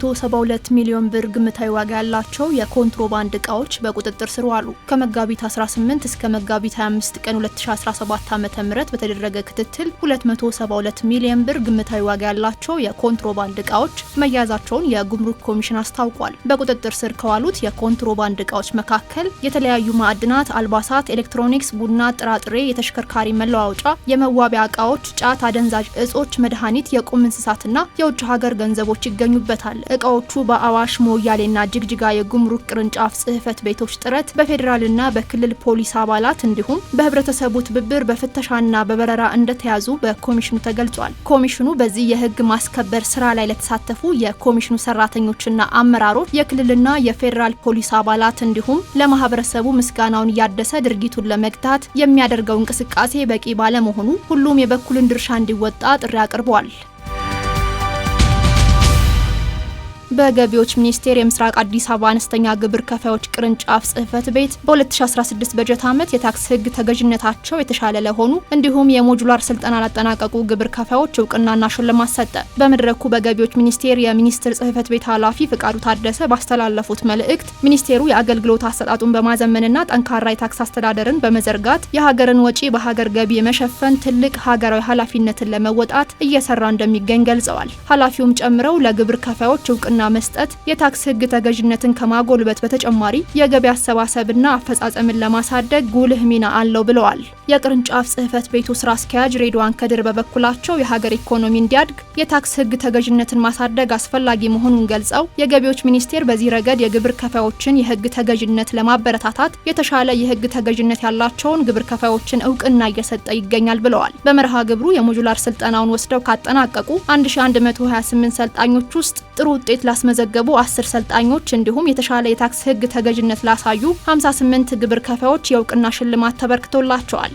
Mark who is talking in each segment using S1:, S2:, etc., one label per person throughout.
S1: 172 ሚሊዮን ብር ግምታዊ ዋጋ ያላቸው የኮንትሮባንድ እቃዎች በቁጥጥር ስር ዋሉ። ከመጋቢት 18 እስከ መጋቢት 25 ቀን 2017 ዓ.ም በተደረገ ክትትል 272 ሚሊዮን ብር ግምታዊ ዋጋ ያላቸው የኮንትሮባንድ እቃዎች መያዛቸውን የጉምሩክ ኮሚሽን አስታውቋል። በቁጥጥር ስር ከዋሉት የኮንትሮባንድ እቃዎች መካከል የተለያዩ ማዕድናት፣ አልባሳት፣ ኤሌክትሮኒክስ፣ ቡና፣ ጥራጥሬ፣ የተሽከርካሪ መለዋወጫ፣ የመዋቢያ እቃዎች፣ ጫት፣ አደንዛዥ እጾች፣ መድኃኒት፣ የቁም እንስሳትና የውጭ ሀገር ገንዘቦች ይገኙበታል። እቃዎቹ በአዋሽ ሞያሌና ጅግጅጋ የጉምሩክ ቅርንጫፍ ጽህፈት ቤቶች ጥረት በፌዴራልና በክልል ፖሊስ አባላት እንዲሁም በህብረተሰቡ ትብብር በፍተሻና በበረራ እንደተያዙ በኮሚሽኑ ተገልጿል። ኮሚሽኑ በዚህ የህግ ማስከበር ስራ ላይ ለተሳተፉ የኮሚሽኑ ሰራተኞችና አመራሮች፣ የክልልና የፌዴራል ፖሊስ አባላት እንዲሁም ለማህበረሰቡ ምስጋናውን እያደሰ ድርጊቱን ለመግታት የሚያደርገው እንቅስቃሴ በቂ ባለመሆኑ ሁሉም የበኩልን ድርሻ እንዲወጣ ጥሪ አቅርበዋል። በገቢዎች ሚኒስቴር የምስራቅ አዲስ አበባ አነስተኛ ግብር ከፋዮች ቅርንጫፍ ጽህፈት ቤት በ2016 በጀት ዓመት የታክስ ህግ ተገዥነታቸው የተሻለ ለሆኑ እንዲሁም የሞጁላር ስልጠና ላጠናቀቁ ግብር ከፋዮች እውቅናና ሽልማት ሰጠ። በመድረኩ በገቢዎች ሚኒስቴር የሚኒስትር ጽህፈት ቤት ኃላፊ ፍቃዱ ታደሰ ባስተላለፉት መልእክት ሚኒስቴሩ የአገልግሎት አሰጣጡን በማዘመንና ጠንካራ የታክስ አስተዳደርን በመዘርጋት የሀገርን ወጪ በሀገር ገቢ የመሸፈን ትልቅ ሀገራዊ ኃላፊነትን ለመወጣት እየሰራ እንደሚገኝ ገልጸዋል። ኃላፊውም ጨምረው ለግብር ከፋዮች እውቅና መስጠት የታክስ ሕግ ተገዥነትን ከማጎልበት በተጨማሪ የገቢ አሰባሰብና አፈጻጸምን ለማሳደግ ጉልህ ሚና አለው ብለዋል። የቅርንጫፍ ጽህፈት ቤቱ ስራ አስኪያጅ ሬድዋን ከድር በበኩላቸው የሀገር ኢኮኖሚ እንዲያድግ የታክስ ሕግ ተገዥነትን ማሳደግ አስፈላጊ መሆኑን ገልጸው የገቢዎች ሚኒስቴር በዚህ ረገድ የግብር ከፋዮችን የሕግ ተገዥነት ለማበረታታት የተሻለ የሕግ ተገዥነት ያላቸውን ግብር ከፋዮችን እውቅና እየሰጠ ይገኛል ብለዋል። በመርሃ ግብሩ የሞጁላር ስልጠናውን ወስደው ካጠናቀቁ 1128 ሰልጣኞች ውስጥ ጥሩ ውጤት ላስመዘገቡ አስር ሰልጣኞች እንዲሁም የተሻለ የታክስ ህግ ተገዥነት ላሳዩ 58 ግብር ከፋዮች የእውቅና ሽልማት ተበርክቶላቸዋል።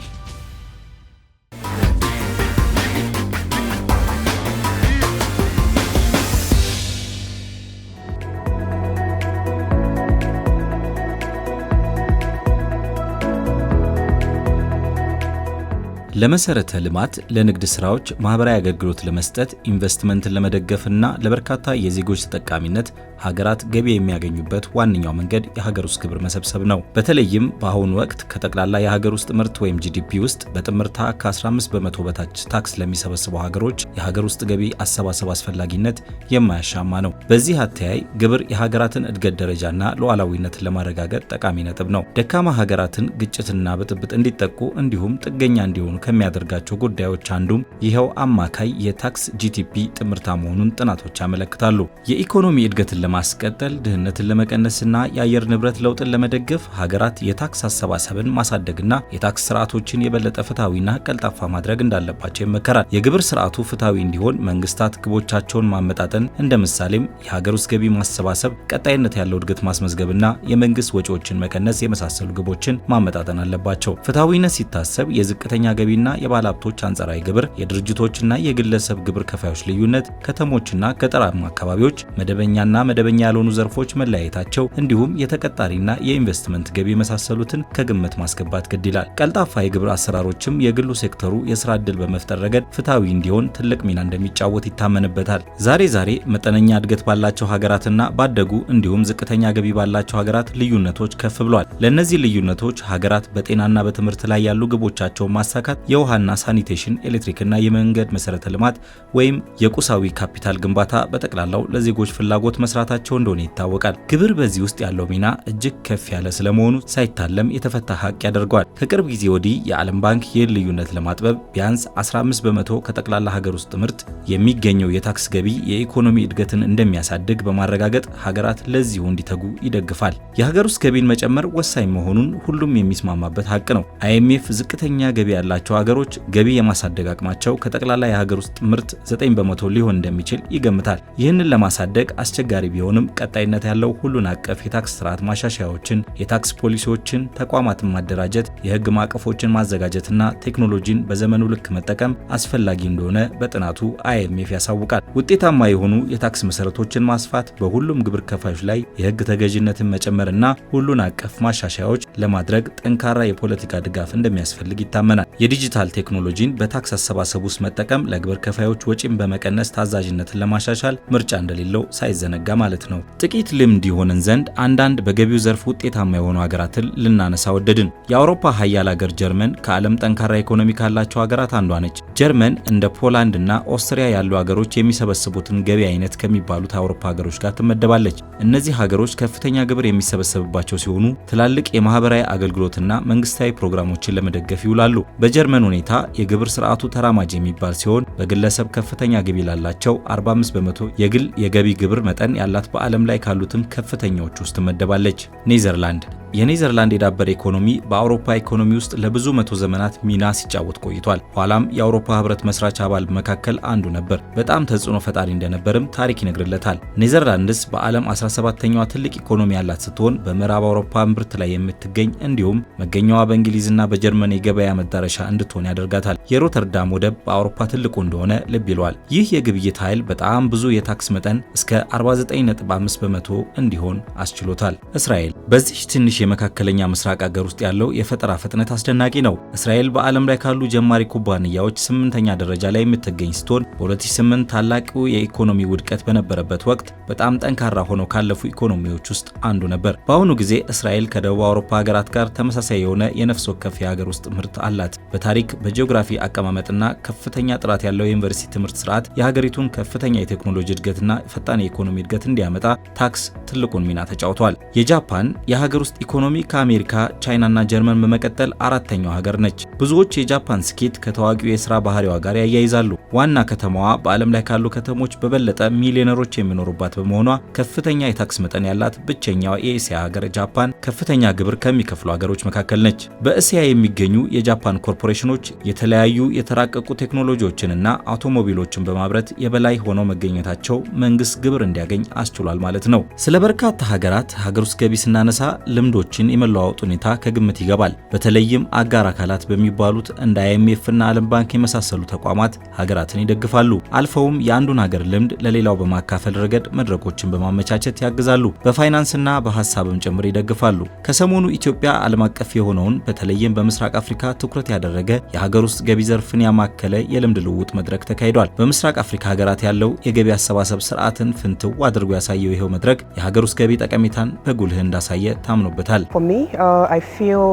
S2: ለመሰረተ ልማት፣ ለንግድ ስራዎች፣ ማህበራዊ አገልግሎት ለመስጠት ኢንቨስትመንትን ለመደገፍና ለበርካታ የዜጎች ተጠቃሚነት ሀገራት ገቢ የሚያገኙበት ዋነኛው መንገድ የሀገር ውስጥ ግብር መሰብሰብ ነው። በተለይም በአሁኑ ወቅት ከጠቅላላ የሀገር ውስጥ ምርት ወይም ጂዲፒ ውስጥ በጥምርታ ከ15 በመቶ በታች ታክስ ለሚሰበስበው ሀገሮች የሀገር ውስጥ ገቢ አሰባሰብ አስፈላጊነት የማያሻማ ነው። በዚህ አተያይ ግብር የሀገራትን እድገት ደረጃና ሉዓላዊነትን ለማረጋገጥ ጠቃሚ ነጥብ ነው። ደካማ ሀገራትን ግጭትና ብጥብጥ እንዲጠቁ እንዲሁም ጥገኛ እንዲሆኑ ከሚያደርጋቸው ጉዳዮች አንዱም ይኸው አማካይ የታክስ ጂቲፒ ጥምርታ መሆኑን ጥናቶች ያመለክታሉ። የኢኮኖሚ እድገትን ለማስቀጠል ድህነትን ለመቀነስና የአየር ንብረት ለውጥን ለመደገፍ ሀገራት የታክስ አሰባሰብን ማሳደግና የታክስ ስርዓቶችን የበለጠ ፍትሐዊና ቀልጣፋ ማድረግ እንዳለባቸው ይመከራል። የግብር ስርዓቱ ፍትሐዊ እንዲሆን መንግስታት ግቦቻቸውን ማመጣጠን፣ እንደ ምሳሌም የሀገር ውስጥ ገቢ ማሰባሰብ፣ ቀጣይነት ያለው እድገት ማስመዝገብና የመንግስት ወጪዎችን መቀነስ የመሳሰሉ ግቦችን ማመጣጠን አለባቸው። ፍትሐዊነት ሲታሰብ የዝቅተኛ ገቢና የባለሀብቶች አንጸራዊ ግብር፣ የድርጅቶችና የግለሰብ ግብር ከፋዮች ልዩነት፣ ከተሞችና ገጠራማ አካባቢዎች መደበኛና መደበኛ ያልሆኑ ዘርፎች መለያየታቸው እንዲሁም የተቀጣሪና የኢንቨስትመንት ገቢ የመሳሰሉትን ከግምት ማስገባት ግድ ይላል። ቀልጣፋ የግብር አሰራሮችም የግሉ ሴክተሩ የስራ ዕድል በመፍጠር ረገድ ፍትሐዊ እንዲሆን ትልቅ ሚና እንደሚጫወት ይታመንበታል። ዛሬ ዛሬ መጠነኛ እድገት ባላቸው ሀገራትና ባደጉ እንዲሁም ዝቅተኛ ገቢ ባላቸው ሀገራት ልዩነቶች ከፍ ብሏል። ለእነዚህ ልዩነቶች ሀገራት በጤናና በትምህርት ላይ ያሉ ግቦቻቸውን ማሳካት፣ የውሃና ሳኒቴሽን፣ ኤሌክትሪክና የመንገድ መሰረተ ልማት ወይም የቁሳዊ ካፒታል ግንባታ፣ በጠቅላላው ለዜጎች ፍላጎት መስራት መስራታቸው እንደሆነ ይታወቃል። ግብር በዚህ ውስጥ ያለው ሚና እጅግ ከፍ ያለ ስለመሆኑ ሳይታለም የተፈታ ሀቅ ያደርገዋል። ከቅርብ ጊዜ ወዲህ የዓለም ባንክ ይህን ልዩነት ለማጥበብ ቢያንስ 15 በመቶ ከጠቅላላ ሀገር ውስጥ ምርት የሚገኘው የታክስ ገቢ የኢኮኖሚ እድገትን እንደሚያሳድግ በማረጋገጥ ሀገራት ለዚሁ እንዲተጉ ይደግፋል። የሀገር ውስጥ ገቢን መጨመር ወሳኝ መሆኑን ሁሉም የሚስማማበት ሀቅ ነው። አይኤምኤፍ ዝቅተኛ ገቢ ያላቸው ሀገሮች ገቢ የማሳደግ አቅማቸው ከጠቅላላ የሀገር ውስጥ ምርት 9 በመቶ ሊሆን እንደሚችል ይገምታል። ይህንን ለማሳደግ አስቸጋሪ ቢሆንም ቀጣይነት ያለው ሁሉን አቀፍ የታክስ ስርዓት ማሻሻያዎችን፣ የታክስ ፖሊሲዎችን፣ ተቋማትን ማደራጀት፣ የህግ ማዕቀፎችን ማዘጋጀትና ቴክኖሎጂን በዘመኑ ልክ መጠቀም አስፈላጊ እንደሆነ በጥናቱ አይኤምኤፍ ያሳውቃል። ውጤታማ የሆኑ የታክስ መሰረቶችን ማስፋት፣ በሁሉም ግብር ከፋዮች ላይ የህግ ተገዥነትን መጨመርና ሁሉን አቀፍ ማሻሻያዎች ለማድረግ ጠንካራ የፖለቲካ ድጋፍ እንደሚያስፈልግ ይታመናል። የዲጂታል ቴክኖሎጂን በታክስ አሰባሰብ ውስጥ መጠቀም ለግብር ከፋዮች ወጪን በመቀነስ ታዛዥነትን ለማሻሻል ምርጫ እንደሌለው ሳይዘነጋ ማለት ነው። ጥቂት ልምድ ይሆንን ዘንድ አንዳንድ በገቢው ዘርፍ ውጤታማ የሆኑ ሀገራትን ልናነሳ ወደድን። የአውሮፓ ሀያል ሀገር ጀርመን ከዓለም ጠንካራ ኢኮኖሚ ካላቸው ሀገራት አንዷ ነች። ጀርመን እንደ ፖላንድ እና ኦስትሪያ ያሉ ሀገሮች የሚሰበስቡትን ገቢ አይነት ከሚባሉት አውሮፓ ሀገሮች ጋር ትመደባለች። እነዚህ ሀገሮች ከፍተኛ ግብር የሚሰበሰብባቸው ሲሆኑ ትላልቅ የማህበራዊ አገልግሎትና መንግስታዊ ፕሮግራሞችን ለመደገፍ ይውላሉ። በጀርመን ሁኔታ የግብር ስርዓቱ ተራማጅ የሚባል ሲሆን በግለሰብ ከፍተኛ ገቢ ላላቸው 45 በመቶ የግል የገቢ ግብር መጠን ያለ ካላት በዓለም ላይ ካሉትም ከፍተኛዎች ውስጥ ትመደባለች ኔዘርላንድ የኔዘርላንድ የዳበረ ኢኮኖሚ በአውሮፓ ኢኮኖሚ ውስጥ ለብዙ መቶ ዘመናት ሚና ሲጫወት ቆይቷል። ኋላም የአውሮፓ ህብረት መስራች አባል መካከል አንዱ ነበር። በጣም ተጽዕኖ ፈጣሪ እንደነበርም ታሪክ ይነግርለታል። ኔዘርላንድስ በዓለም 17 ተኛዋ ትልቅ ኢኮኖሚ ያላት ስትሆን በምዕራብ አውሮፓ እምብርት ላይ የምትገኝ እንዲሁም መገኛዋ በእንግሊዝና በጀርመን የገበያ መዳረሻ እንድትሆን ያደርጋታል። የሮተርዳም ወደብ በአውሮፓ ትልቁ እንደሆነ ልብ ይሏል። ይህ የግብይት ኃይል በጣም ብዙ የታክስ መጠን እስከ 49.5 በመቶ እንዲሆን አስችሎታል። እስራኤል በዚህ ትንሽ የመካከለኛ ምስራቅ አገር ውስጥ ያለው የፈጠራ ፍጥነት አስደናቂ ነው። እስራኤል በዓለም ላይ ካሉ ጀማሪ ኩባንያዎች ስምንተኛ ደረጃ ላይ የምትገኝ ስትሆን በ2008 ታላቁ የኢኮኖሚ ውድቀት በነበረበት ወቅት በጣም ጠንካራ ሆነው ካለፉ ኢኮኖሚዎች ውስጥ አንዱ ነበር። በአሁኑ ጊዜ እስራኤል ከደቡብ አውሮፓ ሀገራት ጋር ተመሳሳይ የሆነ የነፍስ ወከፍ የሀገር ውስጥ ምርት አላት። በታሪክ በጂኦግራፊ አቀማመጥና ከፍተኛ ጥራት ያለው የዩኒቨርሲቲ ትምህርት ስርዓት የሀገሪቱን ከፍተኛ የቴክኖሎጂ እድገትና ፈጣን የኢኮኖሚ እድገት እንዲያመጣ ታክስ ትልቁን ሚና ተጫውቷል። የጃፓን የሀገር ውስጥ ኢኮኖሚ ከአሜሪካ፣ ቻይናና ጀርመን በመቀጠል አራተኛው ሀገር ነች። ብዙዎች የጃፓን ስኬት ከታዋቂው የስራ ባህሪዋ ጋር ያያይዛሉ። ዋና ከተማዋ በዓለም ላይ ካሉ ከተሞች በበለጠ ሚሊዮነሮች የሚኖሩባት በመሆኗ ከፍተኛ የታክስ መጠን ያላት ብቸኛዋ የእስያ ሀገር ጃፓን ከፍተኛ ግብር ከሚከፍሉ ሀገሮች መካከል ነች። በእስያ የሚገኙ የጃፓን ኮርፖሬሽኖች የተለያዩ የተራቀቁ ቴክኖሎጂዎችንና አውቶሞቢሎችን በማምረት የበላይ ሆነው መገኘታቸው መንግስት ግብር እንዲያገኝ አስችሏል ማለት ነው። ስለ በርካታ ሀገራት ሀገር ውስጥ ገቢ ስናነሳ ልምዱ ልምዶችን የመለዋወጥ ሁኔታ ከግምት ይገባል። በተለይም አጋር አካላት በሚባሉት እንደ አይኤምኤፍና ዓለም ባንክ የመሳሰሉ ተቋማት ሀገራትን ይደግፋሉ። አልፈውም የአንዱን ሀገር ልምድ ለሌላው በማካፈል ረገድ መድረኮችን በማመቻቸት ያግዛሉ። በፋይናንስና በሀሳብም ጭምር ይደግፋሉ። ከሰሞኑ ኢትዮጵያ ዓለም አቀፍ የሆነውን በተለይም በምስራቅ አፍሪካ ትኩረት ያደረገ የሀገር ውስጥ ገቢ ዘርፍን ያማከለ የልምድ ልውውጥ መድረክ ተካሂዷል። በምስራቅ አፍሪካ ሀገራት ያለው የገቢ አሰባሰብ ስርዓትን ፍንትው አድርጎ ያሳየው ይኸው መድረክ የሀገር ውስጥ ገቢ ጠቀሜታን በጉልህ እንዳሳየ ታምኖበት
S3: ይገኙበታል።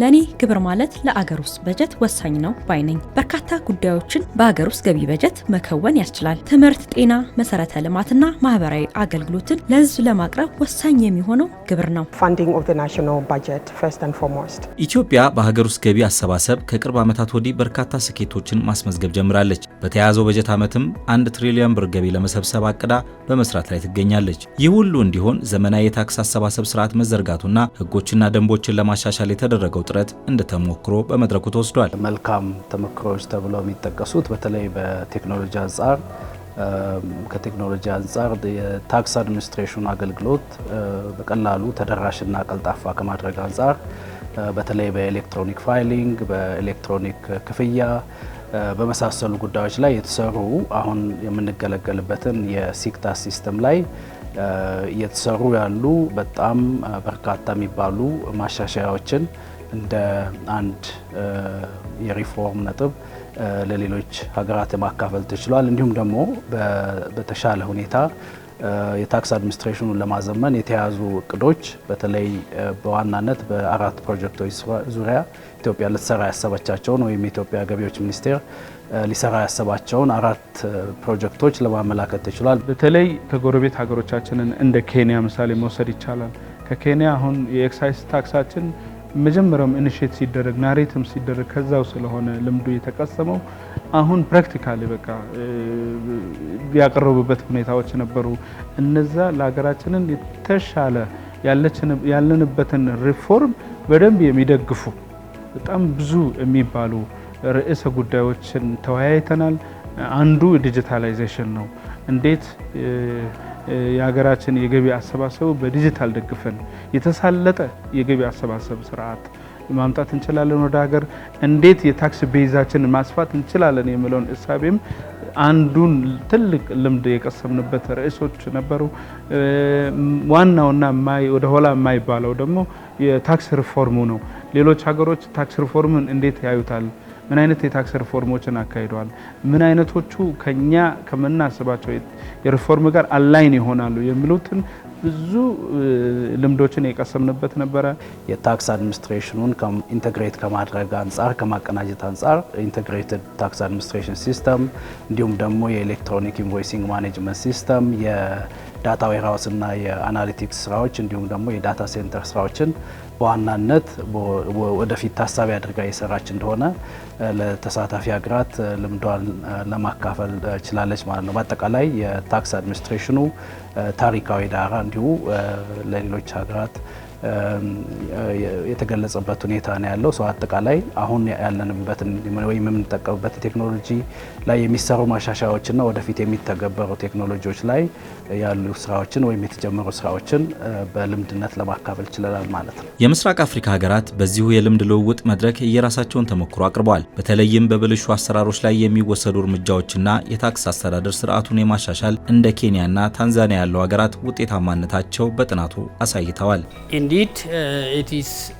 S3: ለእኔ ግብር ማለት ለአገር ውስጥ በጀት ወሳኝ ነው ባይ ነኝ። በርካታ ጉዳዮችን በአገር ውስጥ ገቢ በጀት መከወን ያስችላል። ትምህርት፣ ጤና፣ መሰረተ ልማትና ማህበራዊ አገልግሎትን ለህዝብ ለማቅረብ ወሳኝ የሚሆነው ግብር ነው።
S2: ኢትዮጵያ በሀገር ውስጥ ገቢ አሰባሰብ ከቅርብ ዓመታት ወዲህ በርካታ ስኬቶችን ማስመዝገብ ጀምራለች። በተያያዘው በጀት ዓመትም አንድ ትሪሊዮን ብር ገቢ ለመሰብሰብ አቅዳ በመስራት ላይ ትገኛለች። ይህ ሁሉ እንዲሆን ዘመናዊ የታክስ አሰባሰብ ስርዓት መዘርጋቱና ህጎችና ደንቦችን ለማሻሻል የተደረገው የተደረገው ጥረት እንደ ተሞክሮ በመድረኩ ተወስዷል።
S4: መልካም ተሞክሮዎች ተብለው የሚጠቀሱት በተለይ በቴክኖሎጂ አንጻር ከቴክኖሎጂ አንጻር የታክስ አድሚኒስትሬሽኑ አገልግሎት በቀላሉ ተደራሽና ቀልጣፋ ከማድረግ አንጻር በተለይ በኤሌክትሮኒክ ፋይሊንግ፣ በኤሌክትሮኒክ ክፍያ በመሳሰሉ ጉዳዮች ላይ የተሰሩ አሁን የምንገለገልበትን የሲክታስ ሲስተም ላይ እየተሰሩ ያሉ በጣም በርካታ የሚባሉ ማሻሻያዎችን እንደ አንድ የሪፎርም ነጥብ ለሌሎች ሀገራት ማካፈል ተችሏል። እንዲሁም ደግሞ በተሻለ ሁኔታ የታክስ አድሚኒስትሬሽኑን ለማዘመን የተያዙ እቅዶች በተለይ በዋናነት በአራት ፕሮጀክቶች ዙሪያ ኢትዮጵያ ልትሰራ ያሰባቻቸውን ወይም የኢትዮጵያ ገቢዎች ሚኒስቴር ሊሰራ ያሰባቸውን አራት ፕሮጀክቶች ለማመላከት ተችሏል።
S5: በተለይ ከጎረቤት ሀገሮቻችንን እንደ ኬንያ ምሳሌ መውሰድ ይቻላል። ከኬንያ አሁን የኤክሳይዝ ታክሳችን መጀመሪያውም ኢኒሼት ሲደረግ ናሬትም ሲደረግ ከዛው ስለሆነ ልምዱ የተቀሰመው አሁን ፕራክቲካሊ በቃ ያቀረቡበት ሁኔታዎች ነበሩ። እነዛ ለሀገራችንን የተሻለ ያለንበትን ሪፎርም በደንብ የሚደግፉ በጣም ብዙ የሚባሉ ርዕሰ ጉዳዮችን ተወያይተናል። አንዱ ዲጂታላይዜሽን ነው። እንዴት የሀገራችን የገቢ አሰባሰቡ በዲጂታል ደግፈን የተሳለጠ የገቢ አሰባሰብ ስርዓት ማምጣት እንችላለን። ወደ ሀገር እንዴት የታክስ ቤዛችንን ማስፋት እንችላለን የሚለውን እሳቤም አንዱን ትልቅ ልምድ የቀሰምንበት ርዕሶች ነበሩ። ዋናውና ወደ ኋላ የማይባለው ደግሞ የታክስ ሪፎርሙ ነው። ሌሎች ሀገሮች ታክስ ሪፎርምን እንዴት ያዩታል? ምን አይነት የታክስ ሪፎርሞችን አካሂደዋል? ምን አይነቶቹ ከኛ ከምናስባቸው የሪፎርም ጋር አላይን ይሆናሉ የሚሉትን ብዙ ልምዶችን የቀሰምንበት ነበረ።
S6: የታክስ አድሚኒስትሬሽኑን ኢንተግሬት ከማድረግ አንጻር ከማቀናጀት አንጻር ኢንተግሬትድ ታክስ አድሚኒስትሬሽን ሲስተም እንዲሁም ደግሞ የኤሌክትሮኒክ ኢንቮይሲንግ ማኔጅመንት ሲስተም የዳታ ዌርሃውስ እና የአናሊቲክስ ስራዎች እንዲሁም ደግሞ የዳታ ሴንተር ስራዎችን በዋናነት ወደፊት ታሳቢ አድርጋ የሰራች እንደሆነ ለተሳታፊ ሀገራት ልምዷን ለማካፈል ችላለች ማለት ነው። በአጠቃላይ የታክስ አድሚኒስትሬሽኑ ታሪካዊ ዳራ እንዲሁ ለሌሎች ሀገራት የተገለጸበት ሁኔታ ነው ያለው። ሰው አጠቃላይ አሁን ያለንበትን ወይም የምንጠቀምበት ቴክኖሎጂ ላይ የሚሰሩ ማሻሻያዎችና ወደፊት የሚተገበሩ ቴክኖሎጂዎች ላይ ያሉ ስራዎችን ወይም የተጀመሩ ስራዎችን በልምድነት ለማካፈል ችለናል ማለት ነው።
S2: የምስራቅ አፍሪካ ሀገራት በዚሁ የልምድ ልውውጥ መድረክ የራሳቸውን ተሞክሮ አቅርበዋል። በተለይም በብልሹ አሰራሮች ላይ የሚወሰዱ እርምጃዎችና የታክስ አስተዳደር ስርዓቱን የማሻሻል እንደ ኬንያና ታንዛኒያ ያለው ሀገራት ውጤታማነታቸው በጥናቱ አሳይተዋል።
S7: Indeed, uh, it is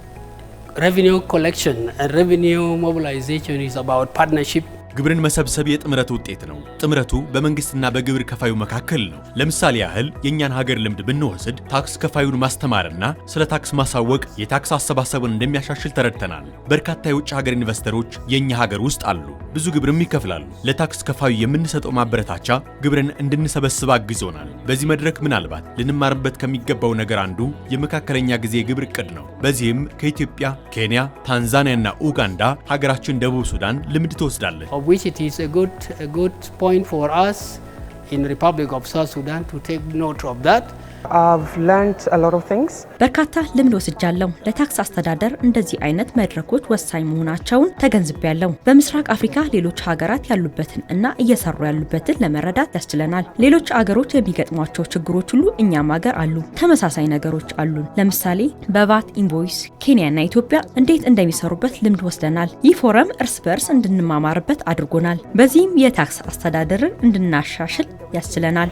S7: revenue collection and uh, revenue mobilization is about partnership
S2: ግብርን መሰብሰብ የጥምረት ውጤት ነው። ጥምረቱ በመንግስትና በግብር ከፋዩ መካከል ነው። ለምሳሌ ያህል የእኛን ሀገር ልምድ ብንወስድ ታክስ ከፋዩን ማስተማርና ስለ ታክስ ማሳወቅ የታክስ አሰባሰቡን እንደሚያሻሽል ተረድተናል። በርካታ የውጭ ሀገር ኢንቨስተሮች የእኛ ሀገር ውስጥ አሉ፣ ብዙ ግብርም ይከፍላሉ። ለታክስ ከፋዩ የምንሰጠው ማበረታቻ ግብርን እንድንሰበስብ አግዞናል። በዚህ መድረክ ምናልባት ልንማርበት ከሚገባው ነገር አንዱ የመካከለኛ ጊዜ ግብር እቅድ ነው። በዚህም ከኢትዮጵያ፣ ኬንያ፣ ታንዛኒያና ኡጋንዳ ሀገራችን ደቡብ ሱዳን ልምድ ትወስዳለች።
S7: which it is a good, a good point for us in Republic of South Sudan to take note of that.
S1: በርካታ ልምድ ወስጃለሁ። ለታክስ አስተዳደር እንደዚህ አይነት መድረኮች ወሳኝ መሆናቸውን ተገንዝቤያለሁ። በምስራቅ አፍሪካ ሌሎች ሀገራት ያሉበትን እና እየሰሩ ያሉበትን ለመረዳት ያስችለናል። ሌሎች አገሮች የሚገጥሟቸው ችግሮች ሁሉ እኛም ሀገር አሉ። ተመሳሳይ ነገሮች አሉ። ለምሳሌ በቫት ኢንቮይስ ኬንያና ኢትዮጵያ እንዴት እንደሚሰሩበት ልምድ ወስደናል። ይህ ፎረም እርስ በርስ እንድንማማርበት አድርጎናል። በዚህም የታክስ አስተዳደርን እንድናሻሽል ያስችለናል።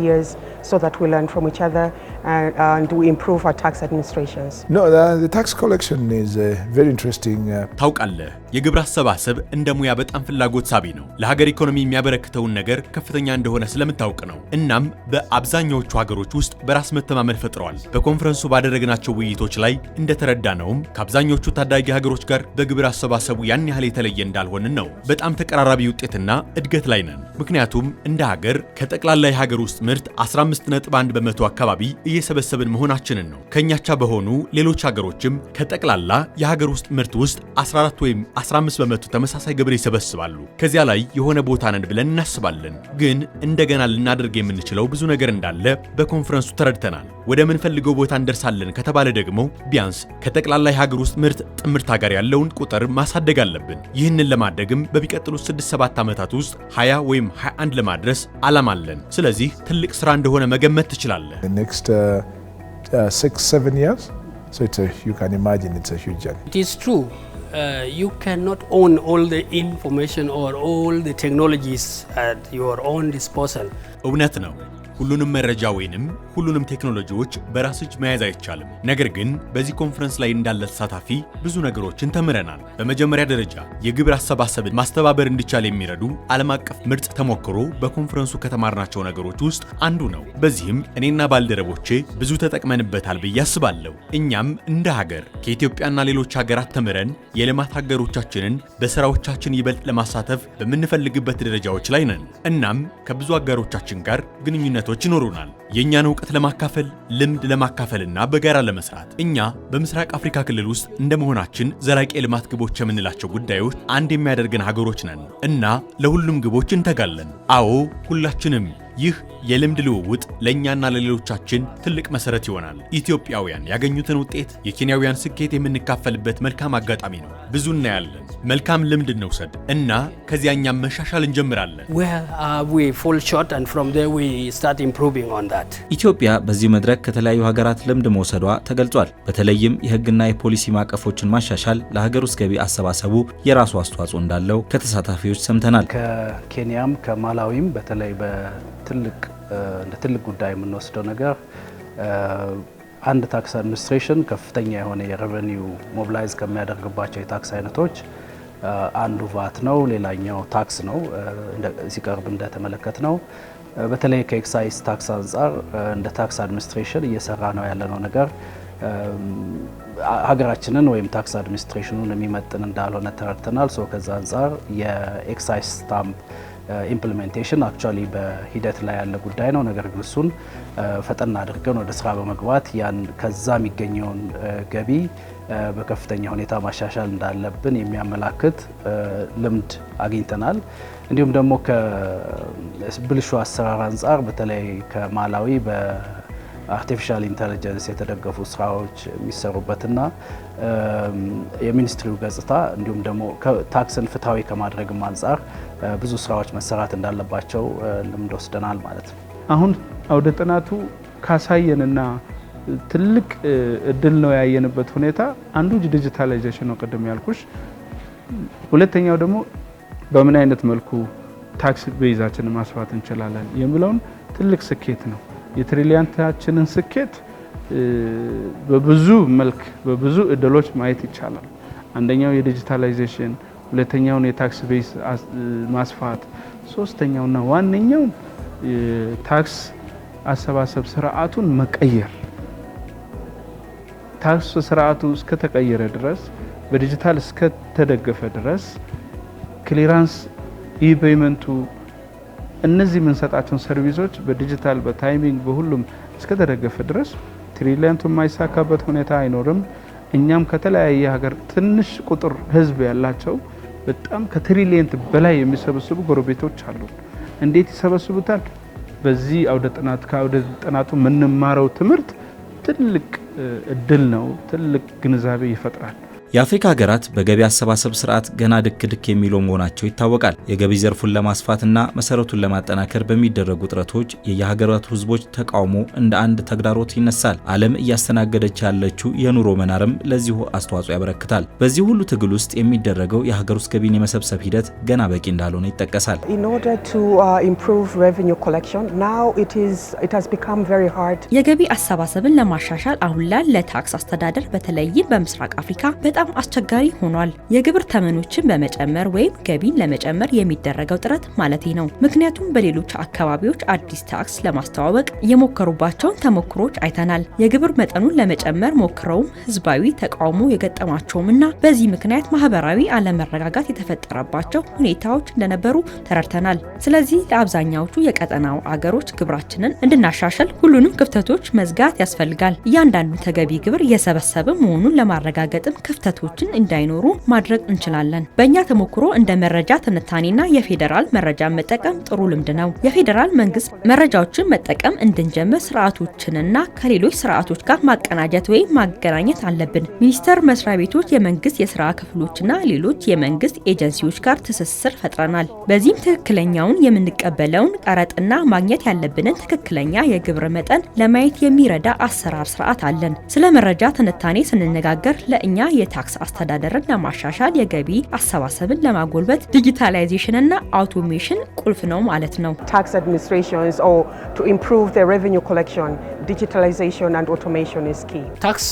S8: ideas so that we learn from each other and, uh, and we improve our tax administrations.
S9: No, the, the tax collection is a uh, very interesting uh,
S2: ታውቃለህ የግብር አሰባሰብ እንደ ሙያ በጣም ፍላጎት ሳቢ ነው። ለሀገር ኢኮኖሚ የሚያበረክተውን ነገር ከፍተኛ እንደሆነ ስለምታውቅ ነው። እናም በአብዛኛዎቹ ሀገሮች ውስጥ በራስ መተማመን ፈጥረዋል። በኮንፈረንሱ ባደረግናቸው ውይይቶች ላይ እንደተረዳነውም ከአብዛኞቹ ታዳጊ ሀገሮች ጋር በግብር አሰባሰቡ ያን ያህል የተለየ እንዳልሆንን ነው። በጣም ተቀራራቢ ውጤትና እድገት ላይ ነን። ምክንያቱም እንደ ሀገር ከጠቅላላ የሀገር ውስጥ ምርት 15.1 በመቶ አካባቢ እየሰበሰብን መሆናችንን ነው። ከእኛቻ በሆኑ ሌሎች ሀገሮችም ከጠቅላላ የሀገር ውስጥ ምርት ውስጥ 14 ወይም 15 በመቶ ተመሳሳይ ግብር ይሰበስባሉ። ከዚያ ላይ የሆነ ቦታ ነን ብለን እናስባለን። ግን እንደገና ልናደርግ የምንችለው ብዙ ነገር እንዳለ በኮንፈረንሱ ተረድተናል። ወደ ምንፈልገው ቦታ እንደርሳለን ከተባለ ደግሞ ቢያንስ ከጠቅላላ የሀገር ውስጥ ምርት ጥምርታ ጋር ያለውን ቁጥር ማሳደግ አለብን። ይህንን ለማድረግም በሚቀጥሉት 6-7 ዓመታት ውስጥ 20 ወይም 21 ለማድረስ አላማለን። ስለዚህ ትልቅ ስራ እንደሆነ መገመት ትችላለህ።
S9: Uh, six, seven years. So it's a, you can imagine it's a huge journey.
S7: It is true. Uh, you cannot own all the information or all the technologies at your own disposal.
S2: እውነት ሁሉንም መረጃ ወይንም ሁሉንም ቴክኖሎጂዎች እጅ መያዝ አይቻልም። ነገር ግን በዚህ ኮንፈረንስ ላይ እንዳለ ተሳታፊ ብዙ ነገሮችን ተምረናል። በመጀመሪያ ደረጃ የግብር አሰባሰብን ማስተባበር እንዲቻል የሚረዱ ዓለም አቀፍ ምርጥ ተሞክሮ በኮንፈረንሱ ከተማርናቸው ነገሮች ውስጥ አንዱ ነው። በዚህም እኔና ባልደረቦቼ ብዙ ተጠቅመንበታል ብዬ አስባለሁ። እኛም እንደ ሀገር ከኢትዮጵያና ሌሎች ሀገራት ተምረን የልማት ሀገሮቻችንን በስራዎቻችን ይበልጥ ለማሳተፍ በምንፈልግበት ደረጃዎች ላይ ነን። እናም ከብዙ አጋሮቻችን ጋር ግንኙነት ክፍተቶች ይኖሩናል። የእኛን እውቀት ለማካፈል ልምድ ለማካፈልና በጋራ ለመስራት እኛ በምስራቅ አፍሪካ ክልል ውስጥ እንደ መሆናችን ዘላቂ የልማት ግቦች የምንላቸው ጉዳዮች አንድ የሚያደርገን ሀገሮች ነን እና ለሁሉም ግቦች እንተጋለን። አዎ ሁላችንም ይህ የልምድ ልውውጥ ለእኛና ለሌሎቻችን ትልቅ መሰረት ይሆናል። ኢትዮጵያውያን ያገኙትን ውጤት፣ የኬንያውያን ስኬት የምንካፈልበት መልካም አጋጣሚ ነው። ብዙ እናያለን። መልካም ልምድ እንውሰድ እና ከዚያኛም መሻሻል እንጀምራለን። ኢትዮጵያ በዚህ መድረክ ከተለያዩ ሀገራት ልምድ መውሰዷ ተገልጿል። በተለይም የህግና የፖሊሲ ማቀፎችን ማሻሻል ለሀገር ውስጥ ገቢ አሰባሰቡ የራሱ አስተዋጽኦ እንዳለው ከተሳታፊዎች ሰምተናል።
S6: ከኬንያም ከማላዊም በተለይ እንደ ትልቅ ጉዳይ የምንወስደው ነገር አንድ ታክስ አድሚኒስትሬሽን ከፍተኛ የሆነ የሬቨኒው ሞቢላይዝ ከሚያደርግባቸው የታክስ አይነቶች አንዱ ቫት ነው። ሌላኛው ታክስ ነው ሲቀርብ እንደተመለከት ነው። በተለይ ከኤክሳይዝ ታክስ አንጻር እንደ ታክስ አድሚኒስትሬሽን እየሰራ ነው ያለነው ነገር ሀገራችንን ወይም ታክስ አድሚኒስትሬሽኑን የሚመጥን እንዳልሆነ ተረድተናል። ከዛ አንጻር የኤክሳይዝ ስታምፕ ኢምፕሊሜንቴሽን አክቹዋሊ በሂደት ላይ ያለ ጉዳይ ነው። ነገር ግን እሱን ፈጠን አድርገን ወደ ስራ በመግባት ያን ከዛ የሚገኘውን ገቢ በከፍተኛ ሁኔታ ማሻሻል እንዳለብን የሚያመላክት ልምድ አግኝተናል። እንዲሁም ደግሞ ከብልሹ አሰራር አንጻር በተለይ ከማላዊ አርቲፊሻል የተደገፉ ስራዎች የሚሰሩበትና የሚኒስትሪው ገጽታ እንዲሁም ደግሞ ታክስን ፍትሐዊ ከማድረግም አንጻር ብዙ ስራዎች መሰራት እንዳለባቸው ልምድ ወስደናል ማለት ነው።
S5: አሁን አውደ ጥናቱ ካሳየንና ትልቅ እድል ነው ያየንበት ሁኔታ አንዱ ዲጂታላይዜሽን ነው ቅድም ያልኩሽ። ሁለተኛው ደግሞ በምን አይነት መልኩ ታክስ ቤዛችንን ማስፋት እንችላለን የሚለውን ትልቅ ስኬት ነው። የትሪሊያንታችንን ስኬት በብዙ መልክ በብዙ እድሎች ማየት ይቻላል። አንደኛው የዲጂታላይዜሽን፣ ሁለተኛውን የታክስ ቤስ ማስፋት፣ ሶስተኛውና ዋነኛው ታክስ አሰባሰብ ስርዓቱን መቀየር። ታክስ ስርዓቱ እስከተቀየረ ድረስ በዲጂታል እስከተደገፈ ድረስ ክሊራንስ ፔይመንቱ እነዚህ የምንሰጣቸውን ሰርቪሶች በዲጂታል በታይሚንግ በሁሉም እስከተደገፈ ድረስ ትሪሊየንቱ የማይሳካበት ሁኔታ አይኖርም። እኛም ከተለያየ ሀገር ትንሽ ቁጥር ህዝብ ያላቸው በጣም ከትሪሊየንት በላይ የሚሰበስቡ ጎረቤቶች አሉ። እንዴት ይሰበስቡታል? በዚህ አውደ ጥናት ከአውደ ጥናቱ የምንማረው ትምህርት ትልቅ እድል ነው። ትልቅ ግንዛቤ ይፈጥራል።
S2: የአፍሪካ ሀገራት በገቢ አሰባሰብ ስርዓት ገና ድክ ድክ የሚለው መሆናቸው ይታወቃል። የገቢ ዘርፉን ለማስፋትና መሰረቱን ለማጠናከር በሚደረጉ ጥረቶች የየሀገራቱ ህዝቦች ተቃውሞ እንደ አንድ ተግዳሮት ይነሳል። ዓለም እያስተናገደች ያለችው የኑሮ መናርም ለዚሁ አስተዋጽኦ ያበረክታል። በዚህ ሁሉ ትግል ውስጥ የሚደረገው የሀገር ውስጥ ገቢን የመሰብሰብ ሂደት ገና በቂ እንዳልሆነ ይጠቀሳል።
S8: uh,
S1: የገቢ አሰባሰብን ለማሻሻል አሁን ላይ ለታክስ አስተዳደር በተለይም በምስራቅ አፍሪካ በጣም አስቸጋሪ ሆኗል። የግብር ተመኖችን በመጨመር ወይም ገቢን ለመጨመር የሚደረገው ጥረት ማለቴ ነው። ምክንያቱም በሌሎች አካባቢዎች አዲስ ታክስ ለማስተዋወቅ የሞከሩባቸውን ተሞክሮች አይተናል። የግብር መጠኑን ለመጨመር ሞክረውም ህዝባዊ ተቃውሞ የገጠማቸውም እና በዚህ ምክንያት ማህበራዊ አለመረጋጋት የተፈጠረባቸው ሁኔታዎች እንደነበሩ ተረድተናል። ስለዚህ ለአብዛኛዎቹ የቀጠናው አገሮች ግብራችንን እንድናሻሸል ሁሉንም ክፍተቶች መዝጋት ያስፈልጋል። እያንዳንዱ ተገቢ ግብር እየሰበሰብን መሆኑን ለማረጋገጥም ክፍተ ክፍተቶችን እንዳይኖሩ ማድረግ እንችላለን። በእኛ ተሞክሮ እንደ መረጃ ትንታኔና የፌዴራል መረጃ መጠቀም ጥሩ ልምድ ነው። የፌዴራል መንግስት መረጃዎችን መጠቀም እንድንጀምር ስርዓቶችንና ከሌሎች ስርዓቶች ጋር ማቀናጀት ወይም ማገናኘት አለብን። ሚኒስቴር መስሪያ ቤቶች፣ የመንግስት የስራ ክፍሎችና ሌሎች የመንግስት ኤጀንሲዎች ጋር ትስስር ፈጥረናል። በዚህም ትክክለኛውን የምንቀበለውን ቀረጥና ማግኘት ያለብንን ትክክለኛ የግብር መጠን ለማየት የሚረዳ አሰራር ስርዓት አለን። ስለ መረጃ ትንታኔ ስንነጋገር ለእኛ የታ የታክስ አስተዳደርን ለማሻሻል፣ የገቢ አሰባሰብን ለማጎልበት ዲጂታላይዜሽን እና አውቶሜሽን ቁልፍ ነው ማለት
S8: ነው። ታክስ አድሚኒስትሬሽንስ ኦር ቱ ኢምፕሩቭ ዘ ሬቨኒው ኮሌክሽን ዲጂታላይዜሽን ኤንድ አውቶሜሽን ኢዝ ኪ
S7: ታክስ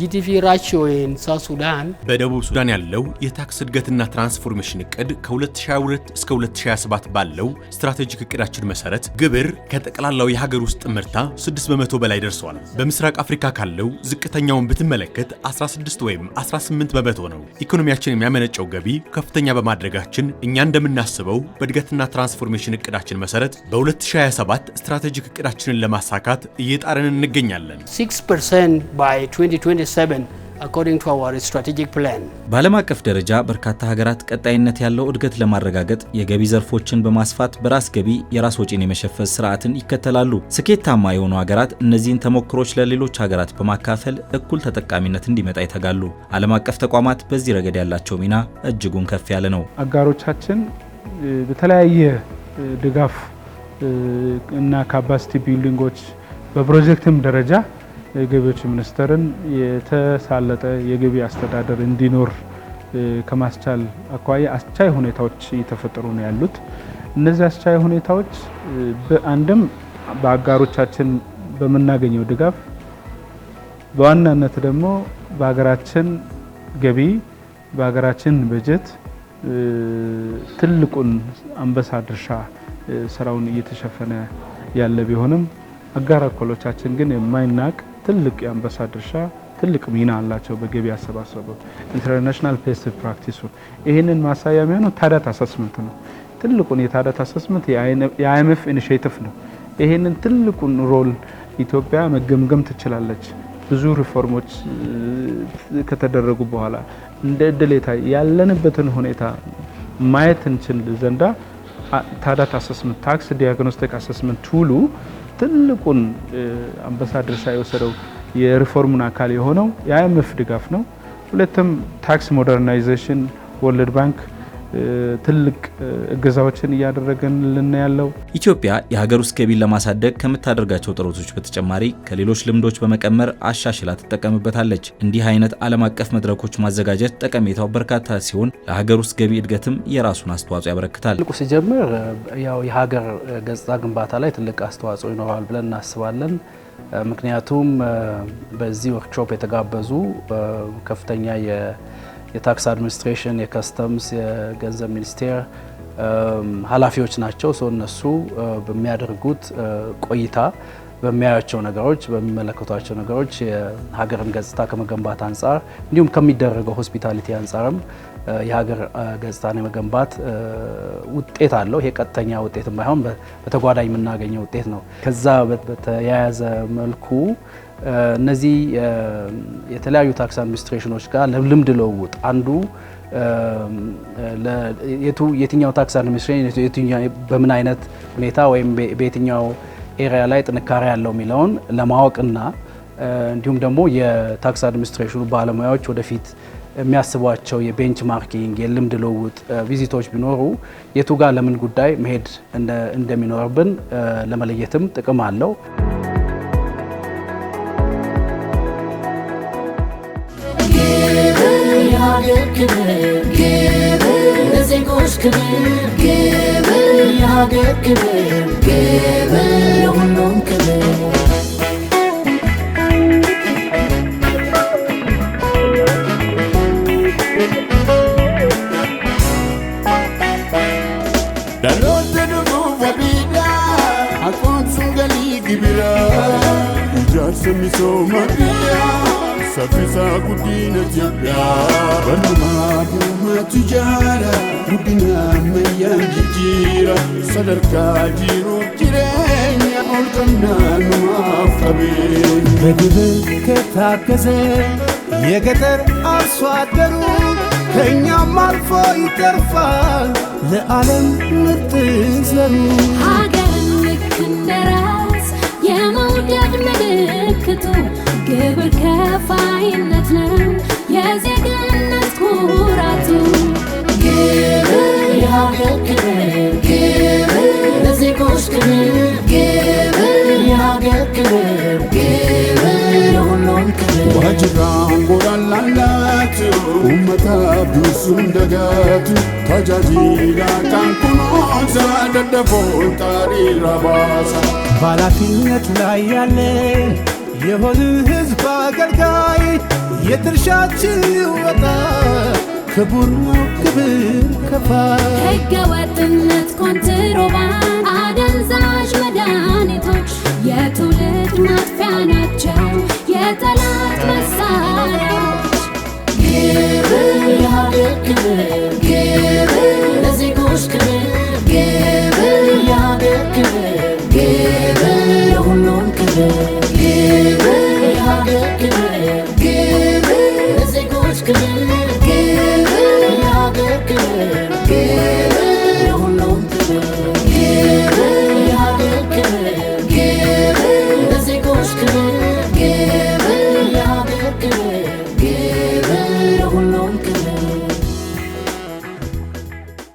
S7: ጂዲፒ ራሽዮ ሳ ሱዳን
S2: በደቡብ ሱዳን ያለው የታክስ እድገትና ትራንስፎርሜሽን እቅድ ከ2022 እስከ 2027 ባለው ስትራቴጂክ እቅዳችን መሰረት ግብር ከጠቅላላው የሀገር ውስጥ ምርታ 6 በመቶ በላይ ደርሰዋል። በምስራቅ አፍሪካ ካለው ዝቅተኛውን ብትመለከት 16 ወይም 18 በመቶ ነው። ኢኮኖሚያችን የሚያመነጨው ገቢ ከፍተኛ በማድረጋችን እኛ እንደምናስበው በእድገትና ትራንስፎርሜሽን እቅዳችን መሰረት በ2027 ስትራቴጂክ እቅዳችንን ለማሳካት እየጣርን እንገኛለን።
S7: 6 ባይ according to our strategic plan
S2: በዓለም አቀፍ ደረጃ በርካታ ሀገራት ቀጣይነት ያለው እድገት ለማረጋገጥ የገቢ ዘርፎችን በማስፋት በራስ ገቢ የራስ ወጪን የመሸፈን ስርዓትን ይከተላሉ። ስኬታማ የሆኑ ሀገራት እነዚህን ተሞክሮች ለሌሎች ሀገራት በማካፈል እኩል ተጠቃሚነት እንዲመጣ ይተጋሉ። ዓለም አቀፍ ተቋማት በዚህ ረገድ ያላቸው ሚና እጅጉን ከፍ ያለ ነው።
S5: አጋሮቻችን በተለያየ ድጋፍ እና ካፓሲቲ ቢልዲንጎች በፕሮጀክትም ደረጃ ገቢዎች ሚኒስቴርን የተሳለጠ የገቢ አስተዳደር እንዲኖር ከማስቻል አኳያ አስቻይ ሁኔታዎች እየተፈጠሩ ነው ያሉት። እነዚህ አስቻይ ሁኔታዎች በአንድም በአጋሮቻችን በምናገኘው ድጋፍ፣ በዋናነት ደግሞ በሀገራችን ገቢ በሀገራችን በጀት ትልቁን አንበሳ ድርሻ ስራውን እየተሸፈነ ያለ ቢሆንም አጋር አኮሎቻችን ግን የማይናቅ ትልቅ የአንበሳ ድርሻ ትልቅ ሚና አላቸው። በገቢ አሰባሰቡ ኢንተርናሽናል ቤስት ፕራክቲሱ ይህንን ማሳያ የሚሆነው ታዳት አሰስመንት ነው። ትልቁን የታዳት አሰስመንት የአይምፍ ኢኒሽቲቭ ነው። ይህንን ትልቁን ሮል ኢትዮጵያ መገምገም ትችላለች። ብዙ ሪፎርሞች ከተደረጉ በኋላ እንደ እድሌታ ያለንበትን ሁኔታ ማየት እንችል ዘንዳ ታዳት አሰስመንት ታክስ ዲያግኖስቲክ አሰስመንት ቱሉ ትልቁን አምባሳደር ሳይወሰደው የሪፎርሙን አካል የሆነው የአይኤምኤፍ ድጋፍ ነው። ሁለትም ታክስ ሞደርናይዜሽን፣ ወርልድ ባንክ ትልቅ እገዛዎችን እያደረገልን ያለው።
S2: ኢትዮጵያ የሀገር ውስጥ ገቢን ለማሳደግ ከምታደርጋቸው ጥረቶች በተጨማሪ ከሌሎች ልምዶች በመቀመር አሻሽላ ትጠቀምበታለች። እንዲህ አይነት ዓለም አቀፍ መድረኮች ማዘጋጀት ጠቀሜታው በርካታ ሲሆን ለሀገር ውስጥ ገቢ እድገትም የራሱን አስተዋጽኦ ያበረክታል።
S6: ትልቁ ሲጀምር ያው የሀገር ገጽታ ግንባታ ላይ ትልቅ አስተዋጽኦ ይኖረዋል ብለን እናስባለን። ምክንያቱም በዚህ ወርክሾፕ የተጋበዙ ከፍተኛ የታክስ አድሚኒስትሬሽን፣ የከስተምስ፣ የገንዘብ ሚኒስቴር ኃላፊዎች ናቸው። ሰው እነሱ በሚያደርጉት ቆይታ በሚያያቸው ነገሮች በሚመለከቷቸው ነገሮች የሀገርን ገጽታ ከመገንባት አንጻር እንዲሁም ከሚደረገው ሆስፒታሊቲ አንጻርም የሀገር ገጽታን የመገንባት ውጤት አለው። ይሄ ቀጥተኛ ውጤት ባይሆን በተጓዳኝ የምናገኘው ውጤት ነው። ከዛ በተያያዘ መልኩ እነዚህ የተለያዩ ታክስ አድሚኒስትሬሽኖች ጋር ለልምድ ልውውጥ አንዱ የትኛው ታክስ አድሚኒስትሬሽን በምን አይነት ሁኔታ ወይም በየትኛው ኤሪያ ላይ ጥንካሬ ያለው የሚለውን ለማወቅና እንዲሁም ደግሞ የታክስ አድሚኒስትሬሽኑ ባለሙያዎች ወደፊት የሚያስቧቸው የቤንችማርኪንግ የልምድ ልውውጥ ቪዚቶች ቢኖሩ የቱ ጋር ለምን ጉዳይ መሄድ እንደሚኖርብን ለመለየትም ጥቅም አለው። حاجة كبير كبير رزق وش كبير كبير حاجة كبير كبير وكلهم كبير Dalote nubuwa bida Akonsunga ni gibira Jasa misoma bida saffisa guddina Itoophiyaa. Barnoomaa uummatu jaala guddina ammayyaan jijjiira sadarkaa jiruuf jireenya ol qabnaa namaaf qabeenya. Beddebe ከታገሰ የገጠር አርሶ አደሩ ከእኛም አልፎ ይተርፋል ለዓለም ምርጥ ዘሩ ሀገር ልክ የመውደድ ምልክቱ ግብር ከፋይነት ነው የዜግነት ኩራቱ። ግብር የሀገር ክብር፣ ግብር ለዜጎች ክብር፣ ቃንኩ ሳ ደደፎ ታሪ ባላፊነት ላይ ያለ የሆን ህዝብ አገልጋይ የድርሻችን ይወጣ ክቡር ክብር ከፋይ ሕገ ወጥነት፣ ኮንትሮባንድ፣ አደንዛዥ መድኃኒቶች የትውልድ ማጥፊያ ናቸው የጠላት መሳሪያዎች። ግብር ለዜጎች ክብር Give